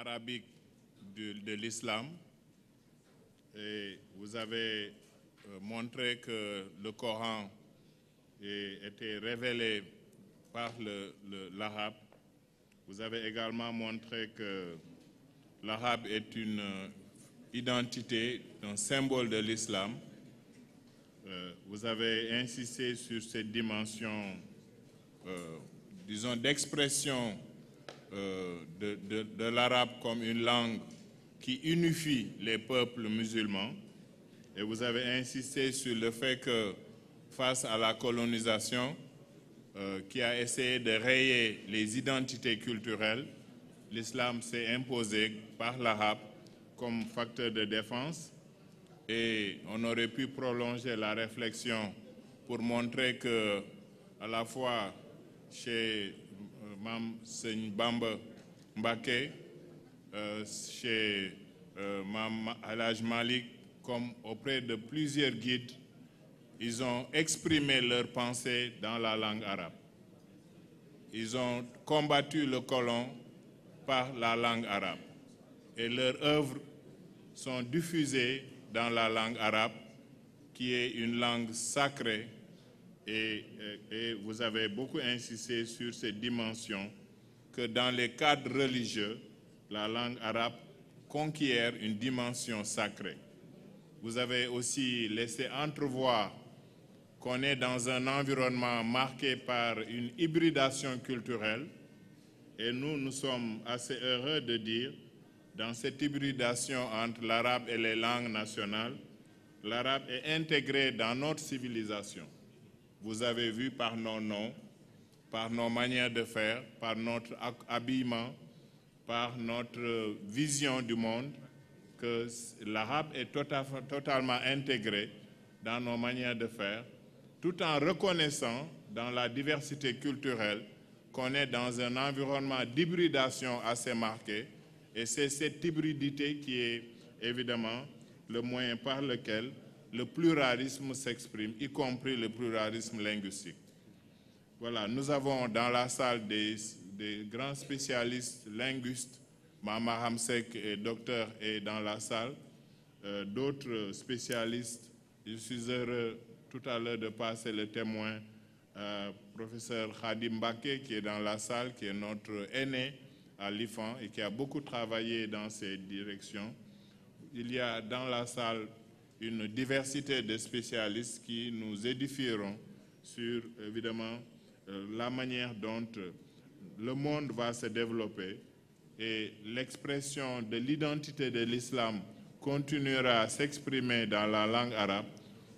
arabique de, l'islam et vous avez euh, montré que le Coran été révélé par l'arabe. Vous avez également montré que l'arabe est une euh, identité, un symbole de l'islam. Euh, vous avez insisté sur cette dimension, disons, d'expression euh, de, l'arabe comme une langue qui unifie les peuples musulmans. Et vous avez insisté sur le fait que face à la colonisation, euh, qui a essayé de rayer les identités culturelles, l'islam s'est imposé par l'arabe comme facteur de défense et on aurait pu prolonger la réflexion pour montrer que à la fois chez Mam Seigne Mbake, euh, chez euh, Mam Alaj Malik, comme auprès de plusieurs guides, ils ont exprimé leurs pensées dans la langue arabe. Ils ont combattu le colon par la langue arabe et leurs œuvres sont diffusées dans la langue arabe qui est une langue sacrée euh, et, vous avez beaucoup insisté sur cette dimension, que dans les cadres religieux, la langue arabe conquiert une dimension sacrée. Vous avez aussi laissé entrevoir qu'on est dans un environnement marqué par une hybridation culturelle et nous, nous sommes assez heureux de dire, dans cette hybridation entre l'arabe et les langues nationales, l'arabe est intégré dans notre civilisation. Vous avez vu par nos noms, par nos manières de faire, par notre habillement, par notre vision du monde, que l'arabe est tota-, totalement intégré dans nos manières de faire, tout en reconnaissant dans la diversité culturelle qu'on est dans un environnement d'hybridation assez marqué. Et c'est cette hybridité qui est évidemment le moyen par lequel le pluralisme s'exprime, y compris le pluralisme linguistique. Voilà, nous avons dans la salle des, grands spécialistes linguistes, Mama Hamsek docteur est dans la salle, euh, d'autres spécialistes. Je suis heureux tout à l'heure de passer le témoin, euh, professeur Khadim Baké, qui est dans la salle, qui est notre aîné à l'IFAN et qui a beaucoup travaillé dans ces directions. Il y a dans la salle une diversité de spécialistes qui nous édifieront sur, évidemment, euh, la manière dont euh, le monde va se développer et l'expression de l'identité de l'islam continuera à s'exprimer dans la langue arabe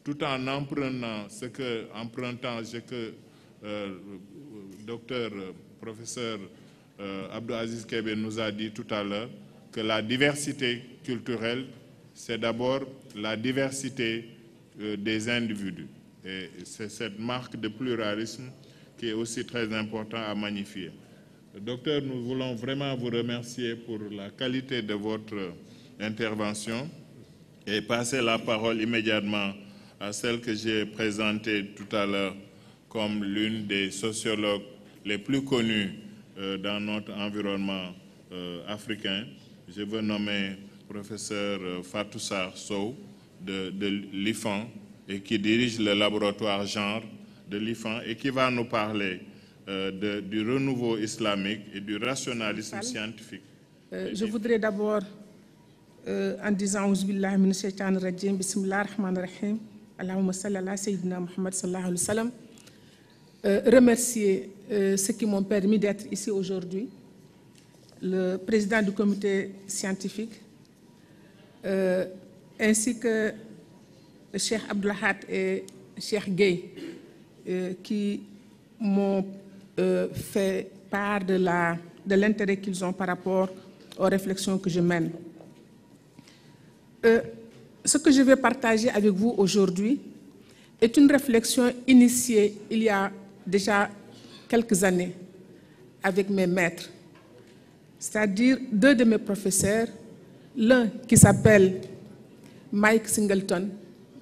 tout en empruntant ce que, empruntant ce que euh, docteur, professeur euh, Abdou Kebe nous a dit tout à l'heure, que la diversité culturelle c'est d'abord la diversité euh, des individus. Et c'est cette marque de pluralisme qui est aussi très importante à magnifier. Docteur, nous voulons vraiment vous remercier pour la qualité de votre intervention et passer la parole immédiatement à celle que j'ai présentée tout à l'heure comme l'une des sociologues les plus connues euh, dans notre environnement euh, africain. Je veux nommer professeur euh, Fatou Sow de, de l'IFAN et qui dirige le laboratoire genre de l'IFAN et qui va nous parler euh, du renouveau islamique et du rationalisme scientifique. Euh, je voudrais d'abord, en disant Ouzbillah, Tan Rajim, Bismillah, Rahman Rahim, Allahumma Sayyidina Muhammad sallallahu alayhi wa sallam, remercier ceux qui m'ont permis d'être ici aujourd'hui, le président du comité scientifique, euh, ainsi que Cheikh Abdelhat et Cheikh Gay, euh, qui m'ont euh, fait part de l'intérêt qu'ils ont par rapport aux réflexions que je mène. ce que je vais partager avec vous aujourd'hui est une réflexion initiée il y a déjà quelques années avec mes maîtres, c'est-à-dire deux de mes professeurs, L'un qui s'appelle Mike Singleton,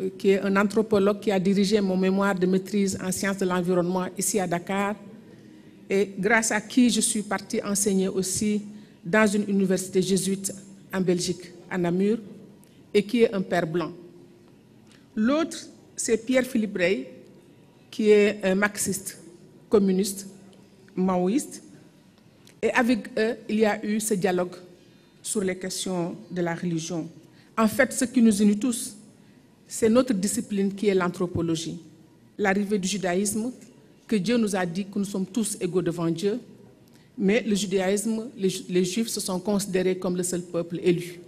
euh, qui est un anthropologue qui a dirigé mon mémoire de maîtrise en sciences de l'environnement ici à Dakar, et grâce à qui je suis partie enseigner aussi dans une université jésuite en Belgique, à Namur, et qui est un père blanc. L'autre, c'est Pierre-Philippe Rey, qui est un marxiste, communiste, maoïste. Et avec eux, il y a eu ce dialogue sur les questions de la religion. En fait, ce qui nous unit tous, c'est notre discipline qui est l'anthropologie. L'arrivée du judaïsme, que Dieu nous a dit que nous sommes tous égaux devant Dieu, mais le judaïsme, les, juifs se sont considérés comme le seul peuple élu.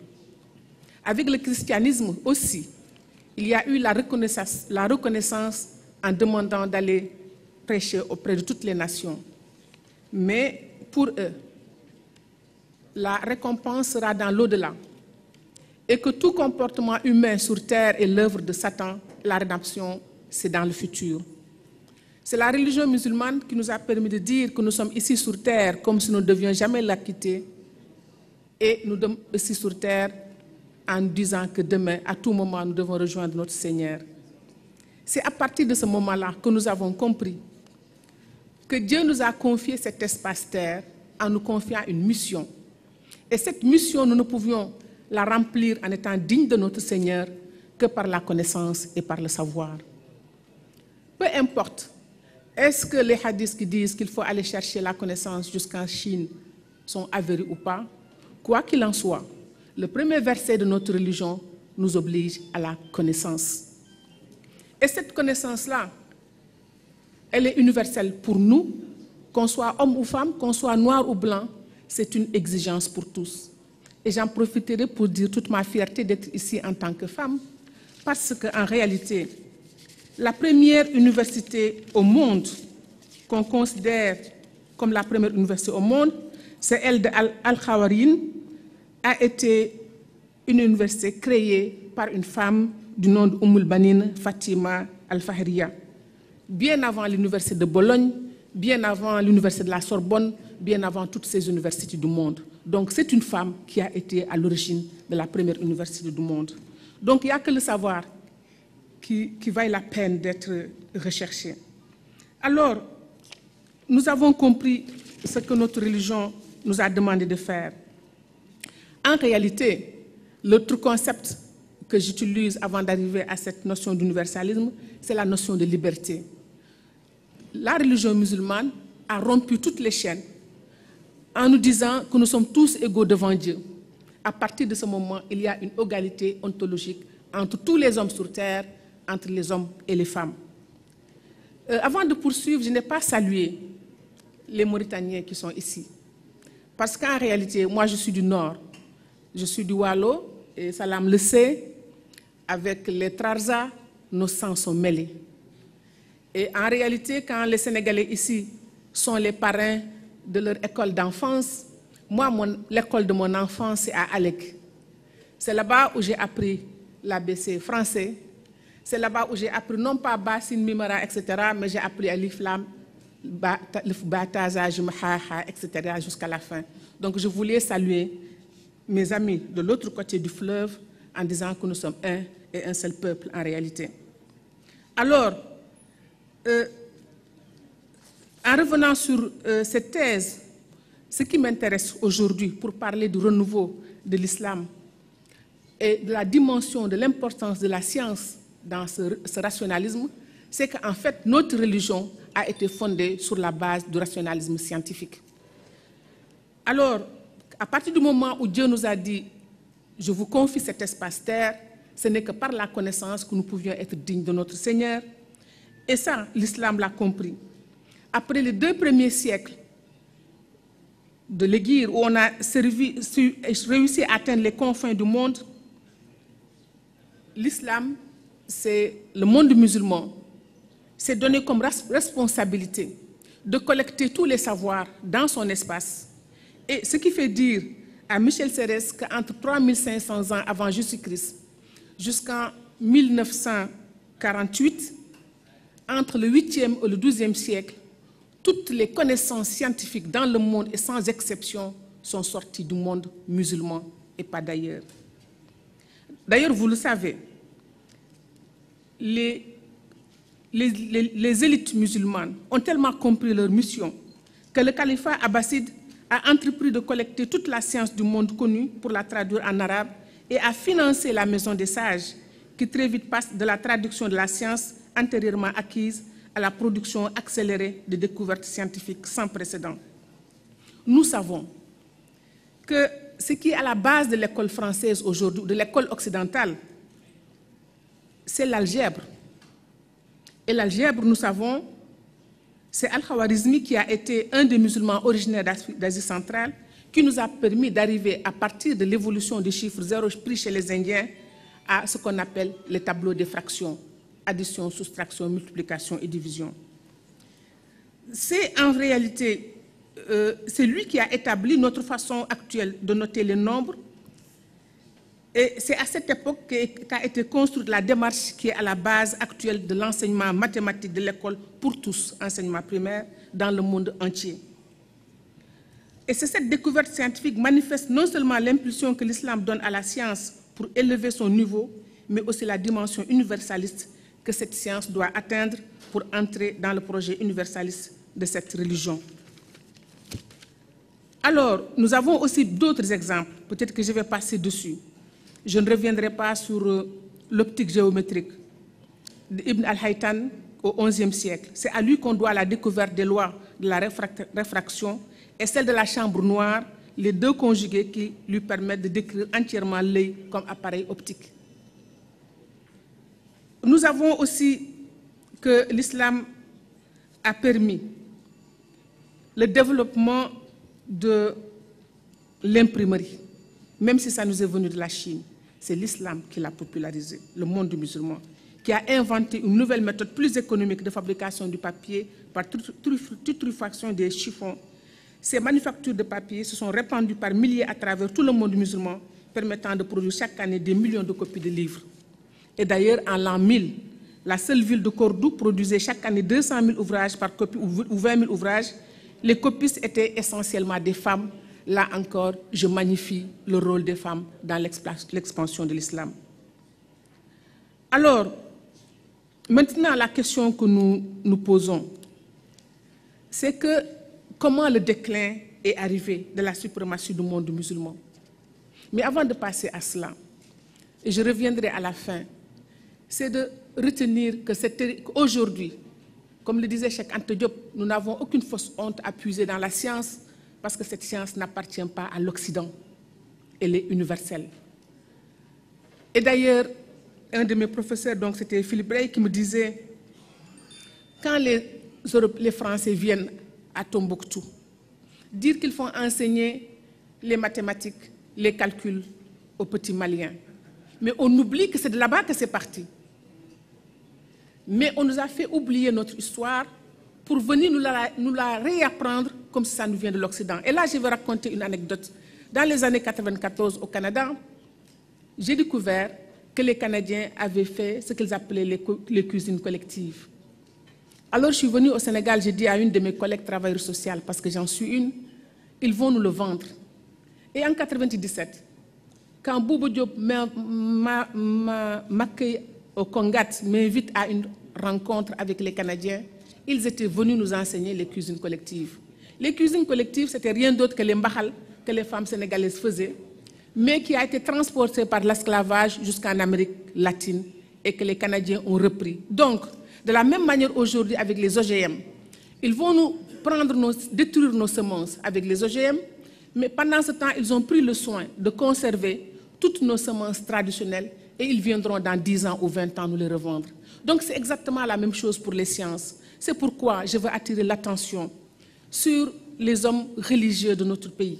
Avec le christianisme aussi, il y a eu la reconnaissance en demandant d'aller prêcher auprès de toutes les nations. Mais pour eux, la récompense sera dans l'au-delà, et que tout comportement humain sur terre est l'œuvre de Satan, la rédemption, c'est dans le futur. C'est la religion musulmane qui nous a permis de dire que nous sommes ici sur terre comme si nous ne devions jamais la quitter, et nous sommes ici sur terre en disant que demain, à tout moment, nous devons rejoindre notre Seigneur. C'est à partir de ce moment-là que nous avons compris que Dieu nous a confié cet espace terre en nous confiant une mission. Et cette mission, nous ne pouvions la remplir en étant dignes de notre Seigneur que par la connaissance et par le savoir. Peu importe, est-ce que les hadiths qui disent qu'il faut aller chercher la connaissance jusqu'en Chine sont avérés ou pas Quoi qu'il en soit, le premier verset de notre religion nous oblige à la connaissance. Et cette connaissance-là, elle est universelle pour nous, qu'on soit homme ou femme, qu'on soit noir ou blanc, c'est une exigence pour tous. Et j'en profiterai pour dire toute ma fierté d'être ici en tant que femme, parce qu'en réalité, la première université au monde qu'on considère comme la première université au monde, c'est elle de Al-Khawarin, a été une université créée par une femme du nom de Fatima Al-Fahriya. Bien avant l'université de Bologne, bien avant l'université de la Sorbonne, bien avant toutes ces universités du monde. Donc c'est une femme qui a été à l'origine de la première université du monde. Donc il n'y a que le savoir qui, qui vaille la peine d'être recherché. Alors, nous avons compris ce que notre religion nous a demandé de faire. En réalité, l'autre concept que j'utilise avant d'arriver à cette notion d'universalisme, c'est la notion de liberté. La religion musulmane a rompu toutes les chaînes en nous disant que nous sommes tous égaux devant Dieu. À partir de ce moment, il y a une égalité ontologique entre tous les hommes sur terre, entre les hommes et les femmes. Euh, avant de poursuivre, je n'ai pas salué les Mauritaniens qui sont ici. Parce qu'en réalité, moi je suis du Nord, je suis du Wallo, et Salam le sait, avec les Trarza, nos sangs sont mêlés. Et en réalité, quand les Sénégalais ici sont les parrains de leur école d'enfance. Moi, l'école de mon enfance, c'est à Alec. C'est là-bas où j'ai appris l'ABC français. C'est là-bas où j'ai appris, non pas Bassine, Mimara, etc., mais j'ai appris Alif Lam, Bataza, Jumahaha, etc., jusqu'à la fin. Donc, je voulais saluer mes amis de l'autre côté du fleuve en disant que nous sommes un et un seul peuple en réalité. Alors, euh, en revenant sur euh, cette thèse, ce qui m'intéresse aujourd'hui pour parler du renouveau de l'islam et de la dimension de l'importance de la science dans ce, ce rationalisme, c'est qu'en fait, notre religion a été fondée sur la base du rationalisme scientifique. Alors, à partir du moment où Dieu nous a dit « Je vous confie cet espace terre », ce n'est que par la connaissance que nous pouvions être dignes de notre Seigneur. Et ça, l'islam l'a compris après les deux premiers siècles de l'Éguire, où on a réussi à atteindre les confins du monde, l'islam, c'est le monde musulman, s'est donné comme responsabilité de collecter tous les savoirs dans son espace. Et ce qui fait dire à Michel Serres qu'entre 3500 ans avant Jésus-Christ jusqu'en 1948, entre le 8e et le 12e siècle, toutes les connaissances scientifiques dans le monde et sans exception sont sorties du monde musulman et pas d'ailleurs. D'ailleurs, vous le savez, les, élites musulmanes ont tellement compris leur mission que le califat abbasside a entrepris de collecter toute la science du monde connu pour la traduire en arabe et a financé la maison des sages qui très vite passe de la traduction de la science antérieurement acquise à la production accélérée de découvertes scientifiques sans précédent. Nous savons que ce qui est à la base de l'école française aujourd'hui, de l'école occidentale, c'est l'algèbre. Et l'algèbre, nous savons, c'est Al-Khawarizmi qui a été un des musulmans originaires d'Asie centrale, qui nous a permis d'arriver à partir de l'évolution des chiffres zéro pris chez les Indiens à ce qu'on appelle les tableaux fractions addition, soustraction, multiplication et division. C'est en réalité, euh, c'est lui qui a établi notre façon actuelle de noter les nombres. Et c'est à cette époque qu'a été construite la démarche qui est à la base actuelle de l'enseignement mathématique de l'école pour tous, enseignement primaire, dans le monde entier. Et c'est cette découverte scientifique manifeste non seulement l'impulsion que l'islam donne à la science pour élever son niveau, mais aussi la dimension universaliste que cette science doit atteindre pour entrer dans le projet universaliste de cette religion. Alors, nous avons aussi d'autres exemples, peut-être que je vais passer dessus. Je ne reviendrai pas sur euh, l'optique géométrique d'Ibn al haytham au XIe siècle. C'est à lui qu'on doit la découverte des lois de la réfraction et celle de la chambre noire, les deux conjugués qui lui permettent de décrire entièrement l'œil comme appareil optique. Nous avons aussi que l'islam a permis le développement de l'imprimerie, même si ça nous est venu de la Chine. C'est l'islam qui l'a popularisé, le monde musulman, qui a inventé une nouvelle méthode plus économique de fabrication du papier par tutrufaction des chiffons. Ces manufactures de papier se sont répandues par milliers à travers tout le monde musulman, permettant de produire chaque année des millions de copies de livres. Et d'ailleurs, en l'an 1000, la seule ville de Cordoue produisait chaque année 200 000 ouvrages par copie ou 20 000 ouvrages. Les copistes étaient essentiellement des femmes. Là encore, je magnifie le rôle des femmes dans l'expansion de l'islam. Alors, maintenant, la question que nous nous posons, c'est que comment le déclin est arrivé de la suprématie du monde musulman. Mais avant de passer à cela, je reviendrai à la fin c'est de retenir que qu'aujourd'hui, comme le disait Cheikh Ante Diop, nous n'avons aucune fausse honte à puiser dans la science parce que cette science n'appartient pas à l'Occident. Elle est universelle. Et d'ailleurs, un de mes professeurs, donc c'était Philippe Rey, qui me disait quand les, les Français viennent à Tombouctou, dire qu'ils font enseigner les mathématiques, les calculs aux petits Maliens. Mais on oublie que c'est de là-bas que c'est parti mais on nous a fait oublier notre histoire pour venir nous la, nous la réapprendre comme si ça nous vient de l'Occident. Et là, je vais raconter une anecdote. Dans les années 94 au Canada, j'ai découvert que les Canadiens avaient fait ce qu'ils appelaient les, cuisines collectives. Alors je suis venue au Sénégal, j'ai dit à une de mes collègues travailleurs sociales, parce que j'en suis une, ils vont nous le vendre. Et en 97, quand Boubou Diop m'accueille au Congat m'invite à une rencontre avec les Canadiens, ils étaient venus nous enseigner les cuisines collectives. Les cuisines collectives, c'était rien d'autre que les mbahal que les femmes sénégalaises faisaient, mais qui a été transportée par l'esclavage jusqu'en Amérique latine et que les Canadiens ont repris. Donc, de la même manière aujourd'hui avec les OGM, ils vont nous prendre, détruire nos semences avec les OGM, mais pendant ce temps, ils ont pris le soin de conserver toutes nos semences traditionnelles et ils viendront dans 10 ans ou 20 ans nous les revendre. Donc c'est exactement la même chose pour les sciences. C'est pourquoi je veux attirer l'attention sur les hommes religieux de notre pays.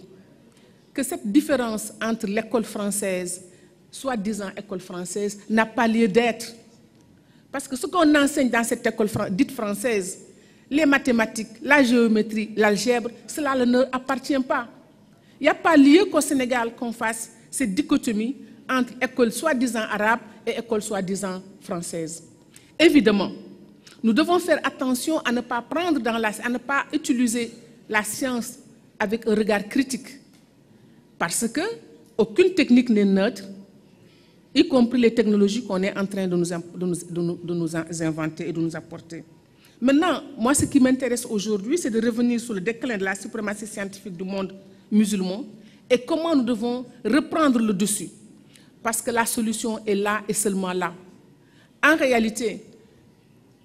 Que cette différence entre l'école française, soi-disant école française, n'a pas lieu d'être. Parce que ce qu'on enseigne dans cette école dite française, les mathématiques, la géométrie, l'algèbre, cela ne appartient pas. Il n'y a pas lieu qu'au Sénégal qu'on fasse cette dichotomie entre écoles soi-disant arabes et écoles soi-disant françaises. Évidemment, nous devons faire attention à ne pas prendre dans à ne pas utiliser la science avec un regard critique, parce que aucune technique n'est neutre, y compris les technologies qu'on est en train de nous, inventer et de nous apporter. Maintenant, moi, ce qui m'intéresse aujourd'hui, c'est de revenir sur le déclin de la suprématie scientifique du monde musulman et comment nous devons reprendre le dessus parce que la solution est là et seulement là. En réalité,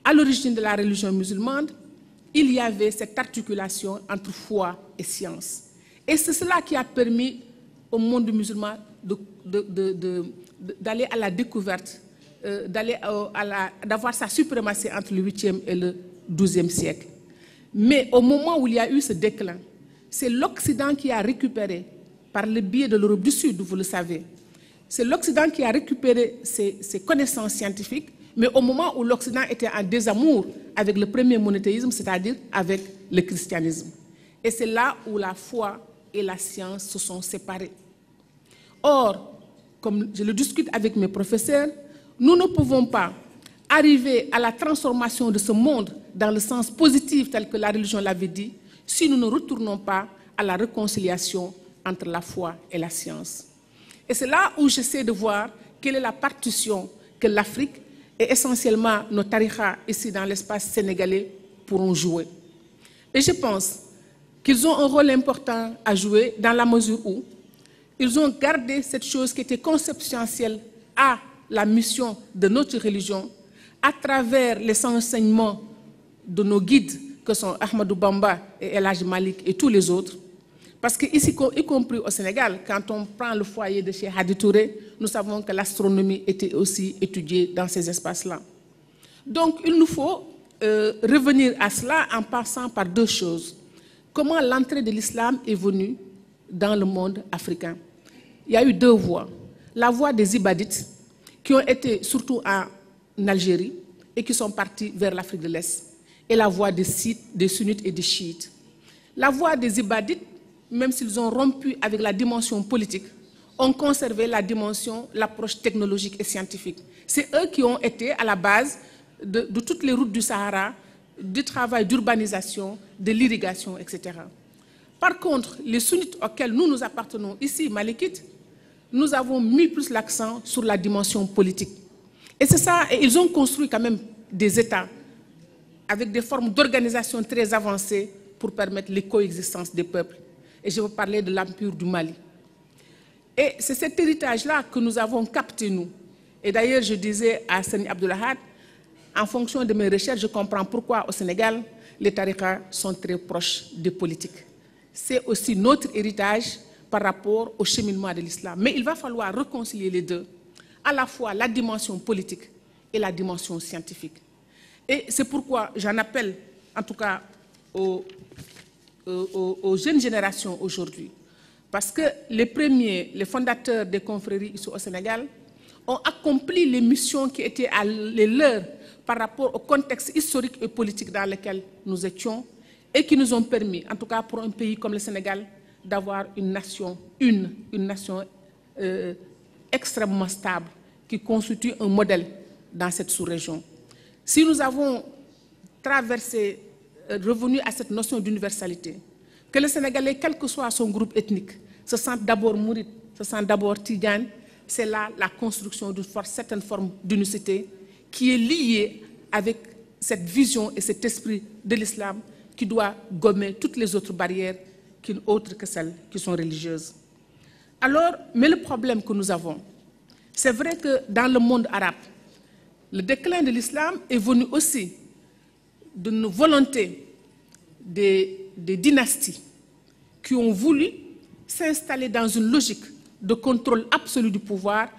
à l'origine de la religion musulmane, il y avait cette articulation entre foi et science. Et c'est cela qui a permis au monde musulman d'aller à la découverte, euh, d'avoir sa suprématie entre le 8e et le 12e siècle. Mais au moment où il y a eu ce déclin, c'est l'Occident qui a récupéré, par le biais de l'Europe du Sud, vous le savez, c'est l'Occident qui a récupéré ses, connaissances scientifiques, mais au moment où l'Occident était en désamour avec le premier monothéisme, c'est-à-dire avec le christianisme. Et c'est là où la foi et la science se sont séparées. Or, comme je le discute avec mes professeurs, nous ne pouvons pas arriver à la transformation de ce monde dans le sens positif tel que la religion l'avait dit si nous ne retournons pas à la réconciliation entre la foi et la science. Et c'est là où j'essaie de voir quelle est la partition que l'Afrique et essentiellement nos tarikhas ici dans l'espace sénégalais pourront jouer. Et je pense qu'ils ont un rôle important à jouer dans la mesure où ils ont gardé cette chose qui était conceptuelle à la mission de notre religion à travers les enseignements de nos guides que sont Ahmadou Bamba et El Malik et tous les autres parce qu'ici, y compris au Sénégal, quand on prend le foyer de chez Hadi Touré, nous savons que l'astronomie était aussi étudiée dans ces espaces-là. Donc, il nous faut euh, revenir à cela en passant par deux choses. Comment l'entrée de l'islam est venue dans le monde africain Il y a eu deux voies. La voie des Ibadites, qui ont été surtout en Algérie et qui sont partis vers l'Afrique de l'Est, et la voie des, des sunnites et des chiites. La voie des Ibadites même s'ils ont rompu avec la dimension politique, ont conservé la dimension, l'approche technologique et scientifique. C'est eux qui ont été à la base de, toutes les routes du Sahara, du travail d'urbanisation, de l'irrigation, etc. Par contre, les sunnites auxquels nous nous appartenons ici, malikites, nous avons mis plus l'accent sur la dimension politique. Et c'est ça, et ils ont construit quand même des États avec des formes d'organisation très avancées pour permettre les des peuples et je veux parler de l'Empire du Mali. Et c'est cet héritage-là que nous avons capté, nous. Et d'ailleurs, je disais à Sani Abdullahad, en fonction de mes recherches, je comprends pourquoi au Sénégal, les tariqas sont très proches des politiques. C'est aussi notre héritage par rapport au cheminement de l'islam. Mais il va falloir réconcilier les deux, à la fois la dimension politique et la dimension scientifique. Et c'est pourquoi j'en appelle, en tout cas, aux euh, aux, jeunes générations aujourd'hui. Parce que les premiers, les fondateurs des confréries ici au Sénégal, ont accompli les missions qui étaient à les leurs par rapport au contexte historique et politique dans lequel nous étions et qui nous ont permis, en tout cas pour un pays comme le Sénégal, d'avoir une nation, une, une nation euh, extrêmement stable qui constitue un modèle dans cette sous-région. Si nous avons traversé euh, revenu à cette notion d'universalité. Que le Sénégalais, quel que soit son groupe ethnique, se sente d'abord mouride, se sente d'abord tigane, c'est là la construction d'une certaine forme d'unicité qui est liée avec cette vision et cet esprit de l'islam qui doit gommer toutes les autres barrières qui, autres que celles qui sont religieuses. Alors, mais le problème que nous avons, c'est vrai que dans le monde arabe, le déclin de l'islam est venu aussi de nos volontés des, dynasties qui ont voulu s'installer dans une logique de contrôle absolu du pouvoir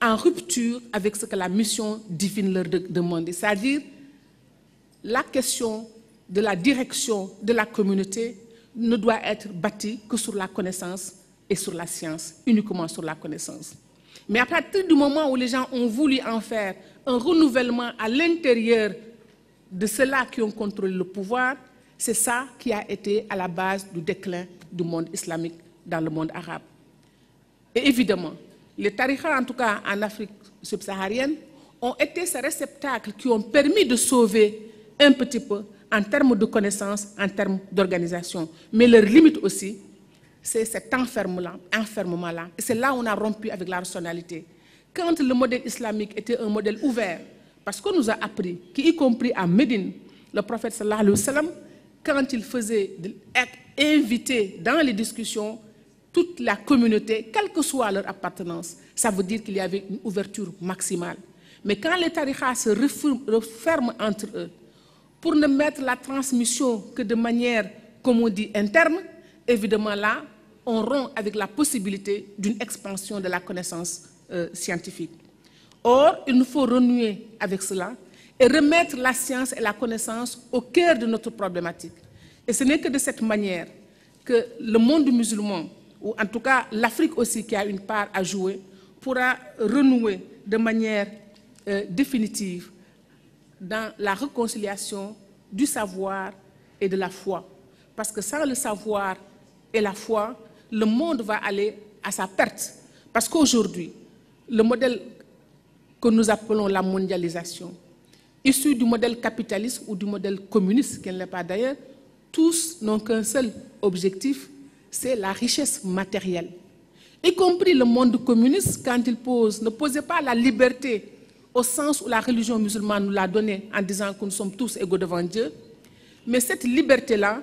en rupture avec ce que la mission divine leur demandait, c'est-à-dire la question de la direction de la communauté ne doit être bâtie que sur la connaissance et sur la science, uniquement sur la connaissance. Mais à partir du moment où les gens ont voulu en faire un renouvellement à l'intérieur de ceux-là qui ont contrôlé le pouvoir, c'est ça qui a été à la base du déclin du monde islamique dans le monde arabe. Et évidemment, les tarikhas, en tout cas en Afrique subsaharienne, ont été ces réceptacles qui ont permis de sauver un petit peu en termes de connaissances, en termes d'organisation. Mais leur limite aussi, c'est cet enfermement-là. Et c'est là où on a rompu avec la rationalité. Quand le modèle islamique était un modèle ouvert, parce qu'on nous a appris qu'y compris à Médine, le prophète sallallahu alayhi wa sallam, quand il faisait être invité dans les discussions, toute la communauté, quelle que soit leur appartenance, ça veut dire qu'il y avait une ouverture maximale. Mais quand les tarikhas se referment entre eux, pour ne mettre la transmission que de manière, comme on dit, interne, évidemment là, on rompt avec la possibilité d'une expansion de la connaissance euh, scientifique. Or, il nous faut renouer avec cela et remettre la science et la connaissance au cœur de notre problématique. Et ce n'est que de cette manière que le monde musulman, ou en tout cas l'Afrique aussi qui a une part à jouer, pourra renouer de manière euh, définitive dans la réconciliation du savoir et de la foi. Parce que sans le savoir et la foi, le monde va aller à sa perte. Parce qu'aujourd'hui, le modèle que nous appelons la mondialisation, issue du modèle capitaliste ou du modèle communiste, qu'elle n'est pas d'ailleurs, tous n'ont qu'un seul objectif, c'est la richesse matérielle. Y compris le monde communiste, quand il pose, ne posait pas la liberté au sens où la religion musulmane nous l'a donnée en disant que nous sommes tous égaux devant Dieu. Mais cette liberté-là,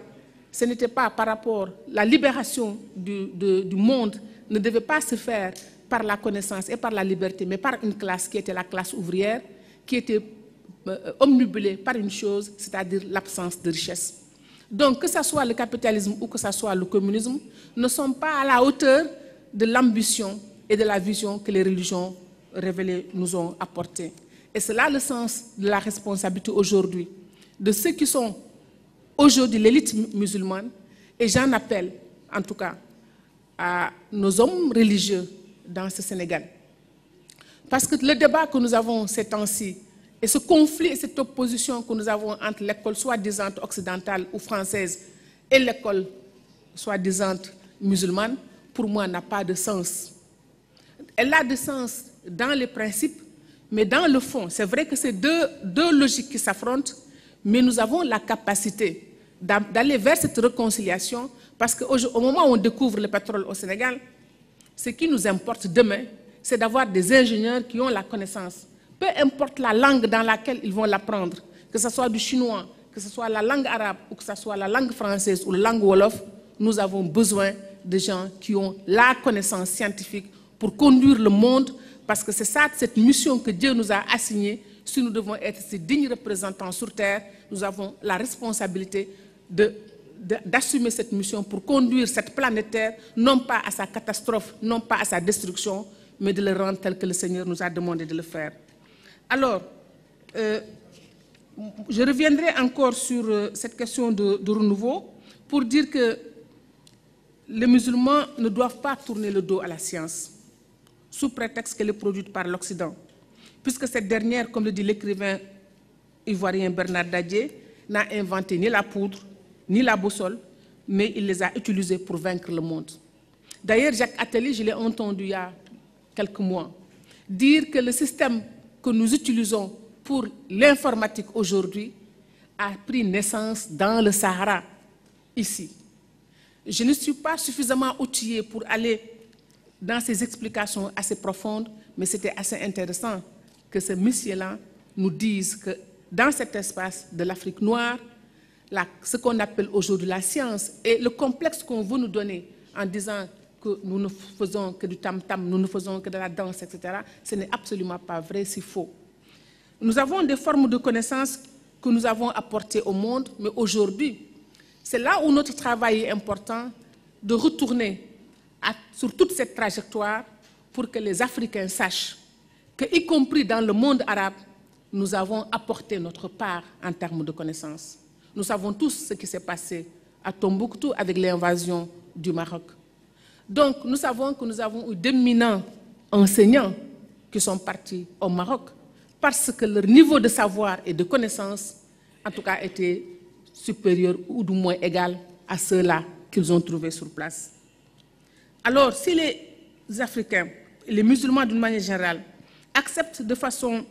ce n'était pas par rapport, la libération du monde ne devait pas se faire par la connaissance et par la liberté, mais par une classe qui était la classe ouvrière, qui était euh, omnibulée par une chose, c'est-à-dire l'absence de richesse. Donc, que ce soit le capitalisme ou que ce soit le communisme, ne sont pas à la hauteur de l'ambition et de la vision que les religions révélées nous ont apportées. Et c'est là le sens de la responsabilité aujourd'hui, de ceux qui sont aujourd'hui l'élite musulmane, et j'en appelle en tout cas à nos hommes religieux dans ce Sénégal. Parce que le débat que nous avons ces temps-ci, et ce conflit et cette opposition que nous avons entre l'école soi-disant occidentale ou française et l'école soi-disant musulmane, pour moi, n'a pas de sens. Elle a de sens dans les principes, mais dans le fond, c'est vrai que c'est deux, deux logiques qui s'affrontent, mais nous avons la capacité d'aller vers cette réconciliation parce qu'au moment où on découvre le pétrole au Sénégal, ce qui nous importe demain, c'est d'avoir des ingénieurs qui ont la connaissance. Peu importe la langue dans laquelle ils vont l'apprendre, que ce soit du chinois, que ce soit la langue arabe ou que ce soit la langue française ou la langue wolof, nous avons besoin de gens qui ont la connaissance scientifique pour conduire le monde, parce que c'est ça, cette mission que Dieu nous a assignée. Si nous devons être ces dignes représentants sur Terre, nous avons la responsabilité de d'assumer cette mission pour conduire cette planète Terre, non pas à sa catastrophe, non pas à sa destruction, mais de le rendre tel que le Seigneur nous a demandé de le faire. Alors, euh, je reviendrai encore sur euh, cette question de, de, renouveau pour dire que les musulmans ne doivent pas tourner le dos à la science sous prétexte qu'elle est produite par l'Occident, puisque cette dernière, comme le dit l'écrivain ivoirien Bernard Dadier, n'a inventé ni la poudre, ni la boussole, mais il les a utilisés pour vaincre le monde. D'ailleurs, Jacques Attali, je l'ai entendu il y a quelques mois, dire que le système que nous utilisons pour l'informatique aujourd'hui a pris naissance dans le Sahara, ici. Je ne suis pas suffisamment outillé pour aller dans ces explications assez profondes, mais c'était assez intéressant que ce monsieur-là nous dise que dans cet espace de l'Afrique noire, ce qu'on appelle aujourd'hui la science et le complexe qu'on veut nous donner en disant que nous ne faisons que du tam-tam, nous ne faisons que de la danse, etc., ce n'est absolument pas vrai, c'est faux. Nous avons des formes de connaissances que nous avons apportées au monde, mais aujourd'hui, c'est là où notre travail est important de retourner sur toute cette trajectoire pour que les Africains sachent que, y compris dans le monde arabe, nous avons apporté notre part en termes de connaissances. Nous savons tous ce qui s'est passé à Tombouctou avec l'invasion du Maroc. Donc, nous savons que nous avons eu d'éminents enseignants qui sont partis au Maroc parce que leur niveau de savoir et de connaissance, en tout cas, était supérieur ou du moins égal à ceux-là qu'ils ont trouvés sur place. Alors, si les Africains, les musulmans d'une manière générale, acceptent de façon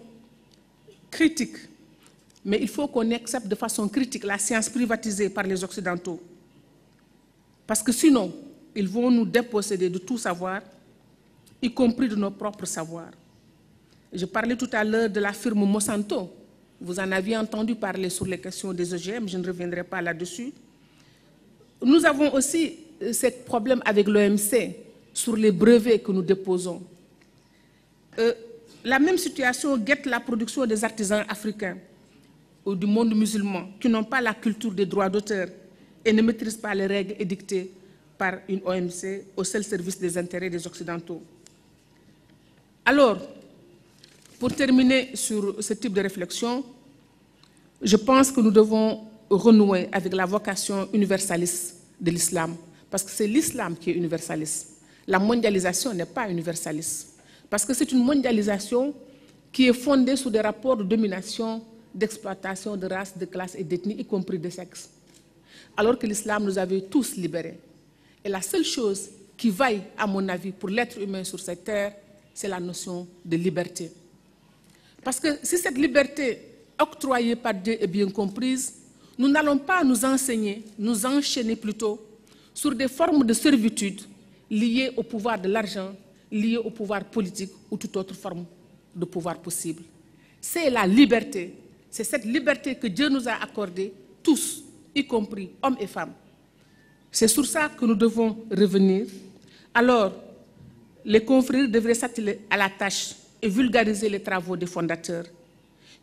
critique mais il faut qu'on accepte de façon critique la science privatisée par les Occidentaux. Parce que sinon, ils vont nous déposséder de tout savoir, y compris de nos propres savoirs. Je parlais tout à l'heure de la firme Monsanto. Vous en aviez entendu parler sur les questions des OGM, e je ne reviendrai pas là-dessus. Nous avons aussi euh, ce problème avec l'OMC sur les brevets que nous déposons. Euh, la même situation guette la production des artisans africains ou du monde musulman qui n'ont pas la culture des droits d'auteur et ne maîtrisent pas les règles édictées par une OMC au seul service des intérêts des Occidentaux. Alors, pour terminer sur ce type de réflexion, je pense que nous devons renouer avec la vocation universaliste de l'islam, parce que c'est l'islam qui est universaliste. La mondialisation n'est pas universaliste, parce que c'est une mondialisation qui est fondée sur des rapports de domination d'exploitation de races, de classes et d'ethnie y compris de sexe. Alors que l'islam nous avait tous libérés. Et la seule chose qui vaille, à mon avis, pour l'être humain sur cette terre, c'est la notion de liberté. Parce que si cette liberté octroyée par Dieu est bien comprise, nous n'allons pas nous enseigner, nous enchaîner plutôt sur des formes de servitude liées au pouvoir de l'argent, liées au pouvoir politique ou toute autre forme de pouvoir possible. C'est la liberté c'est cette liberté que Dieu nous a accordée, tous, y compris hommes et femmes. C'est sur ça que nous devons revenir. Alors, les confrères devraient s'atteler à la tâche et vulgariser les travaux des fondateurs,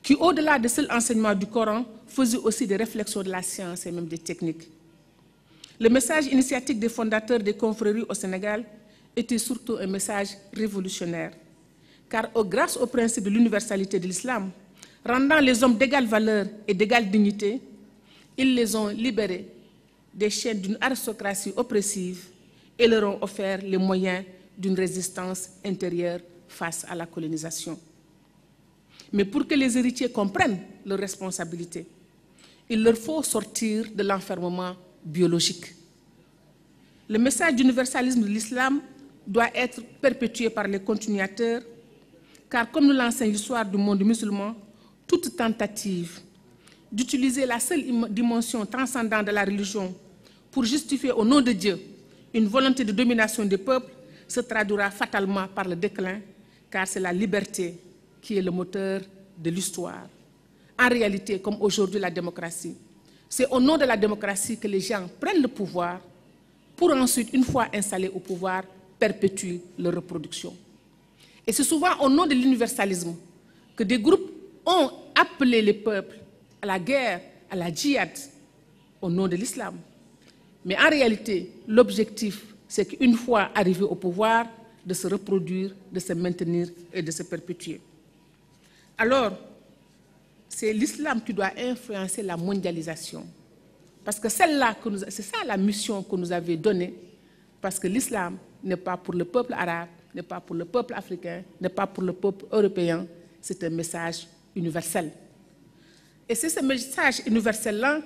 qui, au-delà de seuls enseignements du Coran, faisaient aussi des réflexions de la science et même des techniques. Le message initiatique des fondateurs des confréries au Sénégal était surtout un message révolutionnaire, car grâce au principe de l'universalité de l'islam, rendant les hommes d'égale valeur et d'égale dignité, ils les ont libérés des chaînes d'une aristocratie oppressive et leur ont offert les moyens d'une résistance intérieure face à la colonisation. Mais pour que les héritiers comprennent leurs responsabilités, il leur faut sortir de l'enfermement biologique. Le message d'universalisme de l'islam doit être perpétué par les continuateurs, car comme nous l'enseigne l'histoire du monde musulman, toute tentative d'utiliser la seule dimension transcendante de la religion pour justifier au nom de Dieu une volonté de domination des peuples se traduira fatalement par le déclin, car c'est la liberté qui est le moteur de l'histoire. En réalité, comme aujourd'hui la démocratie, c'est au nom de la démocratie que les gens prennent le pouvoir pour ensuite, une fois installés au pouvoir, perpétuer leur reproduction. Et c'est souvent au nom de l'universalisme que des groupes ont appelé les peuples à la guerre, à la djihad, au nom de l'islam. Mais en réalité, l'objectif, c'est qu'une fois arrivé au pouvoir, de se reproduire, de se maintenir et de se perpétuer. Alors, c'est l'islam qui doit influencer la mondialisation. Parce que celle-là, c'est ça la mission que nous avait donnée. Parce que l'islam n'est pas pour le peuple arabe, n'est pas pour le peuple africain, n'est pas pour le peuple européen. C'est un message universel. Et c'est ce message universel-là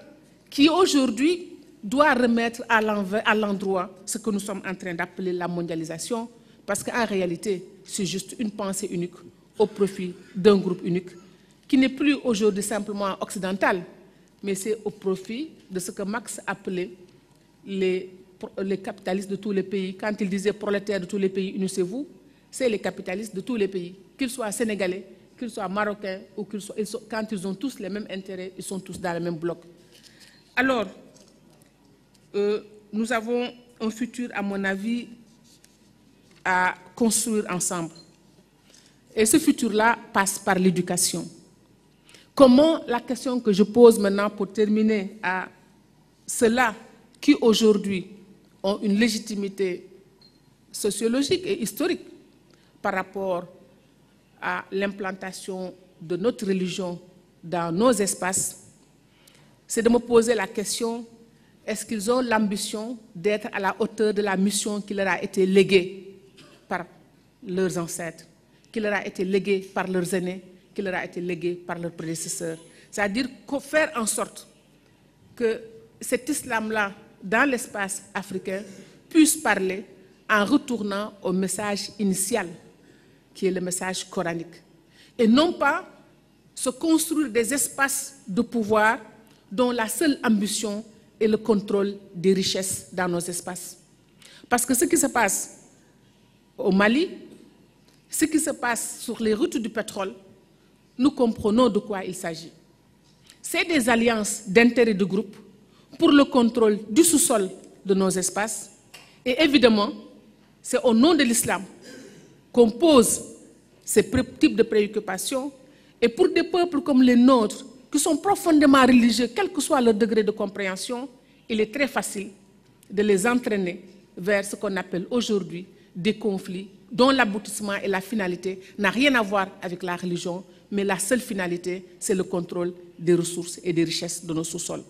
qui aujourd'hui doit remettre à l'endroit ce que nous sommes en train d'appeler la mondialisation, parce qu'en réalité, c'est juste une pensée unique au profit d'un groupe unique, qui n'est plus aujourd'hui simplement occidental, mais c'est au profit de ce que Marx appelait les, les, capitalistes de tous les pays. Quand il disait prolétaires de tous les pays, unissez-vous, c'est les capitalistes de tous les pays, qu'ils soient sénégalais, qu'ils soient marocains ou qu'ils soient, quand ils ont tous les mêmes intérêts, ils sont tous dans le même bloc. Alors, euh, nous avons un futur, à mon avis, à construire ensemble. Et ce futur-là passe par l'éducation. Comment la question que je pose maintenant pour terminer à ceux-là qui aujourd'hui ont une légitimité sociologique et historique par rapport à l'implantation de notre religion dans nos espaces, c'est de me poser la question, est-ce qu'ils ont l'ambition d'être à la hauteur de la mission qui leur a été léguée par leurs ancêtres, qui leur a été léguée par leurs aînés, qui leur a été léguée par leurs prédécesseurs C'est-à-dire faire en sorte que cet islam-là, dans l'espace africain, puisse parler en retournant au message initial qui est le message coranique. Et non pas se construire des espaces de pouvoir dont la seule ambition est le contrôle des richesses dans nos espaces. Parce que ce qui se passe au Mali, ce qui se passe sur les routes du pétrole, nous comprenons de quoi il s'agit. C'est des alliances d'intérêts de groupe pour le contrôle du sous-sol de nos espaces. Et évidemment, c'est au nom de l'islam composent ces types de préoccupations, et pour des peuples comme les nôtres, qui sont profondément religieux, quel que soit leur degré de compréhension, il est très facile de les entraîner vers ce qu'on appelle aujourd'hui des conflits dont l'aboutissement et la finalité n'a rien à voir avec la religion, mais la seule finalité, c'est le contrôle des ressources et des richesses de nos sous-sols.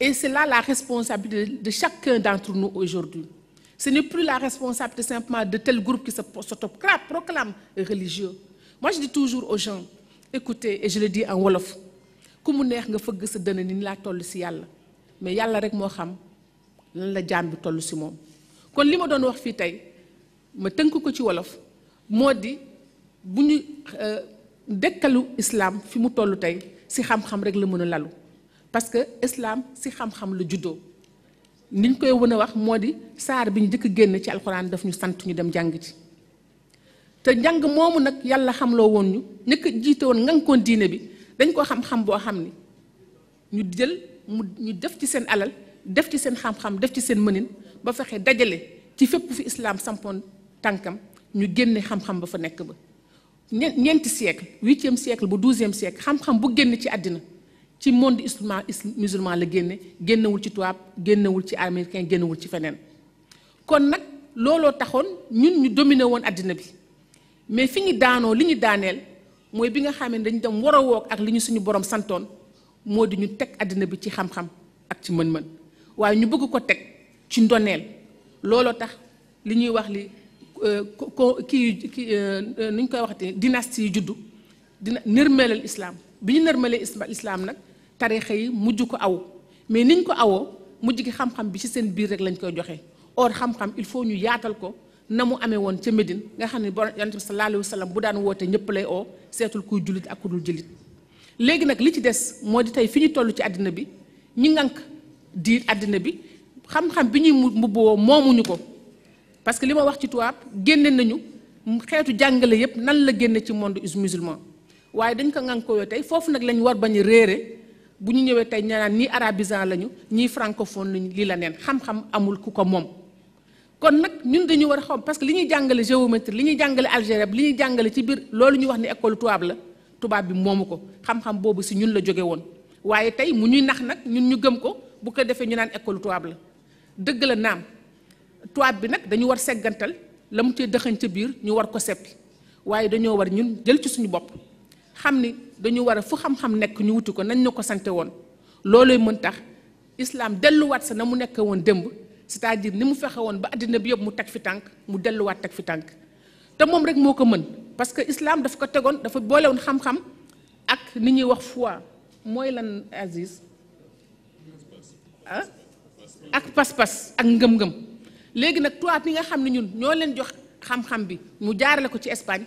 Et c'est là la responsabilité de chacun d'entre nous aujourd'hui. Ce n'est plus la responsabilité simplement de tel groupe qui se proclame religieux. Moi, je dis toujours aux gens, écoutez, et je le dis en Wolof, comme vous voulez, vous ni la tollu ci Yalla. Mais Yalla rek mo xam lan la jaam bi tollu ci mom. Kon lima doon wax fi tay, ma teunk ko ci Wolof, modi buñu euh, dekkalu islam fi mu tollu tay ci xam xam rek la meuna lalu. Parce que islam ci xam xam la juddoo. niñ koy wën a wax moo di saar bi ñu njëkk génn ci alxuraan daf ñu sant ñu dem jàng ci te njàng moomu nag yàlla xamloo woon ñu nekk jiite woon nga koon diine bi dañ ko xam-xam boo xam ni ñu jël mu ñu def ci seen alal def ci seen xam-xam def ci seen mënin ba fexe dajale ci fépp fi islaam sampoon tànkam ñu génne xam-xam ba fa nekk ba ñeenti siècle huitième siècle bu douzième siècle xam-xam bu génn ci àddina ci monde musulman musulman la génne génnewul ci tubaab génnewul ci américain génnewul ci feneen kon nag looloo taxoon ñun ñu dominé woon àddina bi mais fi ñu daanoo li ñu daaneel mooy bi nga xam ne dañu dem war a wook ak li ñu suñu borom santoon moo di ñu teg àddina bi ci xam-xam ak ci mën-mën waaye ñu bëgg ko teg ci ndoneel looloo tax li ñuy wax li ko euh, kii kii euh, nu ñu koy waxatee dynastie yi juddu dina nërmeelal islaam bi ñu nërmelee islaam nag tarixa yi mujj ko aw mais niñ ko awoo mujj gi xam-xam bi ci seen biir rek lañ koy joxe or xam-xam il faut ñu yaatal ko na mu amee woon ca Médine nga xam ne borom yonent bi sallallahu bu daan woote ñëpp lay oo seetul kuy jullit ak dul jullit léegi nag li ci des moo di tey fi ñu toll ci àddina bi ñi ngànk diir àddina bi xam-xam bi ñuy mbubboo moomuñu ko parce que li ma wax ci tubaab génne nañu xeetu jàngale yépp nan la génne ci monde musulman waaye dañ ko ngànkoo tey foofu nag lañ war bañ a réere bu ñu ñëwee tey ñanaan nii arabisant lañu ñii francophone lañu lii la neen xam-xam amul ku ko moom kon nag ñun dañu war a xam parce que li ñuy jàngale géométrie li ñuy jàngale algèbre li ñuy jàngale ci biir loolu ñu wax ni école tubaab la tubaab bi moomu ko xam-xam boobu si ñun la jóge woon waaye tey mu ñuy nax nag ñun ñu gëm ko bu ko defee ñu naan école tubaab la dëgg la naam tubaab bi nag dañu war seggantal la mu cee dëxañ ca biir ñu war ko seppi waaye dañoo war ñun jël ci suñu bopp xamni dañu wara fu xam-xam nek ñu wutiko nañ ñuko sante won loluy mën tax islam delu wat sa na mu nekk woon démb c'est-à-dire nimu fexe won ba adina bi yob mu teg fi tànk mu delu wat teg fi tànk te mom rek moko mën parce que islam daf ko tegon dafa bolé won xam-xam ak ni ñi wax foi moy lan Aziz ak pas-pas ak ngëm-ngëm légui nak toat ni nga xamni ñun ño leen jox xam-xam bi mu jaarale ko ci Espagne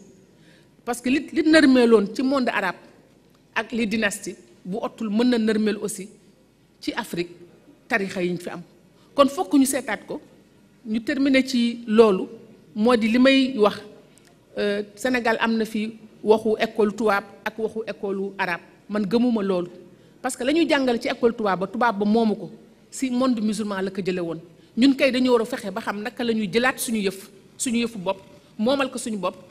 parce que li li nërmeeloon ci monde arabe ak li dynastie bu ottul mën na nërmeel aussi ci Afrique tarixa yiñ fi am kon fokk ñu seetaat ko ñu terminer ci loolu moo di li may wax euh, Sénégal am na fi waxu école tubaab ak waxu école arabe man gëmuma loolu parce que la ñuy jàngale ci école tubaab ba tubaab ba moomu ko si monde musulman la ko jële woon ñun kay dañu war a fexe ba xam naka la ñuy jëlaat suñu yëf suñu yëfu bopp moomal ko suñu bopp